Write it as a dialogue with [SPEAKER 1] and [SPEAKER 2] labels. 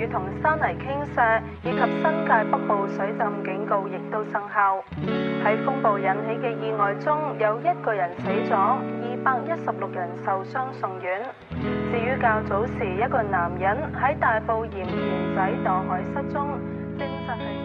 [SPEAKER 1] 雨同山泥傾瀉以及新界北部水浸警告亦都生效。喺風暴引起嘅意外中，有一個人死咗，二百一十六人受傷送院。至於較早時，一個男人喺大埔鹽田仔墮海失蹤，證實係。